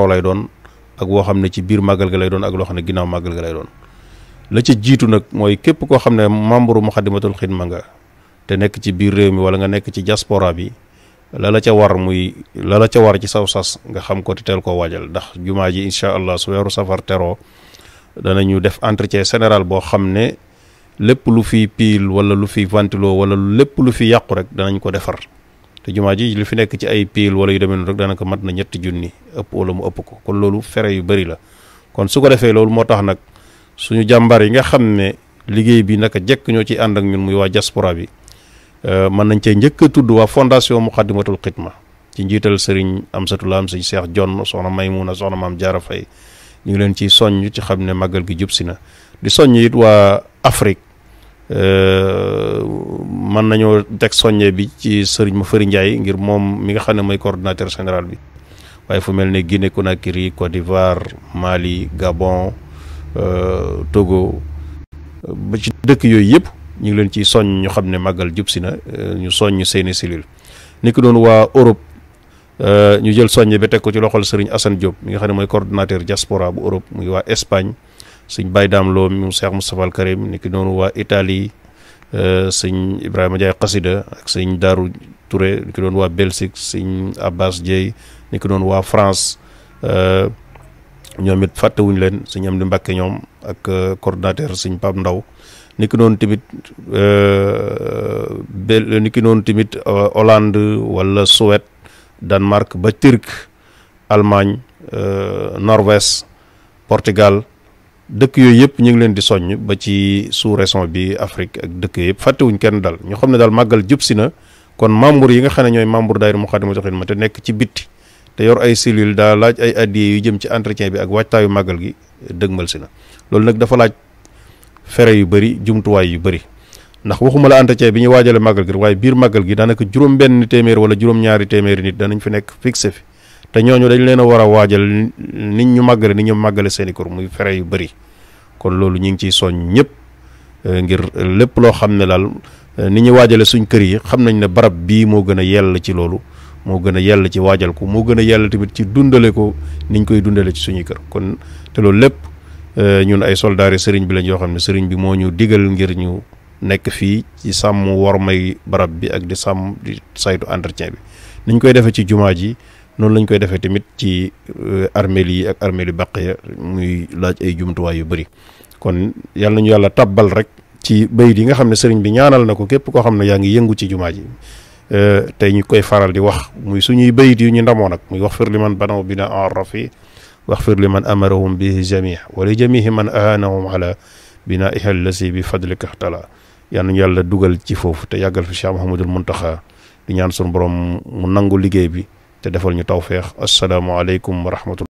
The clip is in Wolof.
pro lay doon ak wo xamne ne ci bir magal ga lay doon ak lo xamne ginaaw magal ga lay doon la ci jitu nak moy kep ko xamne membre muqaddimatul Khidma nga te nek ci bir rew mi wala nga nek ci diaspora bi la la ca war muy la la ca war ci saw sas nga xam ko te ko koo ndax juma ji incha allah su weru safar tero danañu def entretien general bo xamne ne lu fi pile wala lu fi ventilo wala lepp lu fi yaq rek danañ ko defar te jumaa ji li fi nek ci ay pile wala yu demee noonu rek danaka mat na ñetti junni ëpp wala mu ëpp ko kon lolu féré yu bari la kon su ko défé lolu moo tax nag suñu jambar yi nga xamné liggéey bi naka jekk ñoo ci and ak ñun muy wa diaspora bi euh, man nañ cee njëkk tuddu wa fondation muqaddimatul khidma ci njital serigne amsatula am serigne cheikh john soxna maymuna soxna mam ñu leen ci soñu ci xamné magal gi jupsina di soñu it wa afrique Euh, mën nañoo teg soññe bi ci sëriñ ma fëri Ndiaye ngir moom mi nga xam ne mooy coordinateur général bi waaye fu mel ne Guinée Conakry Côte d'Ivoire Mali Gabon euh, Togo ba ci dëkk yooyu yëpp ñu ngi leen ci soññ ñu xam ne màggal jub si na euh, ñu soññ seeni cellule ni doon waa Europe ñu jël soññe bi teg ko ci loxol sëriñ Assane Diop mi nga xam ne mooy coordinateur diaspora bu Europe ngi waa Espagne Sing Baye Dame Lo mi Cheikh mustapha al Karim niki ki wa waa euh sëñ Ibrahima Diaye Qasida ak daru ture, Touré niki ki wa Belgique sëñ Abbas niki wa france France eh, ñomit faté wuñ len sëñ Amdi mbacké ñom ak eh, coordinateur sëñ pap Ndaw niki non timit euh bel niki non timit eh, Hollande wala Suède Danemark ba Turc Allemagne Norvège Portugal dëkk yooyu yëpp ñu ngi leen di soññ ba ci sous-région bi Afrique ak dëkk yëpp fàttewuñ kenn dal ñu xam ne daal màggal jub si na kon membre yi nga xam ne ñooy membre daayira Moukhaddamatoul Khidma te nekk ci bitti te yor ay cellules daa laaj ay addiye yu jëm ci entretien bi ak waajtaayu màggal gi dëgmal si na loolu nag dafa laaj fere yu bëri jumtuwaay yu bëri ndax waxuma la entretien bi ñu waajale màggal gi waaye biir màggal gi daanaka juróom benn téeméer wala juróom-ñaari téeméeri nit danañ fi nekk fixé fi te ñooñu dañ leen a war a waajal nit ñu màggale ni ñu màggale seeni i kër muy fere yu bari kon loolu ñu ngi ciy soñ ñëpp euh, ngir lépp loo xam ne daal euh, ni ñu waajale suñ kër yi xam nañ ne barab bii moo gën a yell ci loolu moo gën a yàlla ci waajal ko moo gën a yàlla tamit ci dundale ko niñ koy dundale ci suñuy kër kon te loolu lépp euh, ñun ay soldaari sëriñ bi lañ yoo xam ne sëriñ bi moo ñu digal ngir ñu nekk fii ci sàmm wormay barab bi ak di sàmm di saytu entretien bi niñ koy defee ci jumaa ji noonu lañu koy defee tamit ci euh, armeel yi ak armeel yu bàq ya muy laaj ay jumtuwaay yu bëri kon yàlla nañu yàlla tabbal rek ci bayit yi nga xam ne sëriñ bi ñaanal na ko képp koo xam ne yaa ngi yëngu ci jumaa ji euh, tey ñu koy faral di wax muy suñuy bayit yu ñu ndamoo nag muy wax fir li man banaw bina arrafi wax fir li man amarahum bi jamih wala jamihi man ahanahum ala bina ihal bi fadlika tala yal nañu yàlla dugal ci foofu te yàggal fi Cheikh Mouhamadul Muntaxa di ñaan suñu borom mu nangu liggéey bi تدفل نتوفيخ السلام عليكم ورحمة الله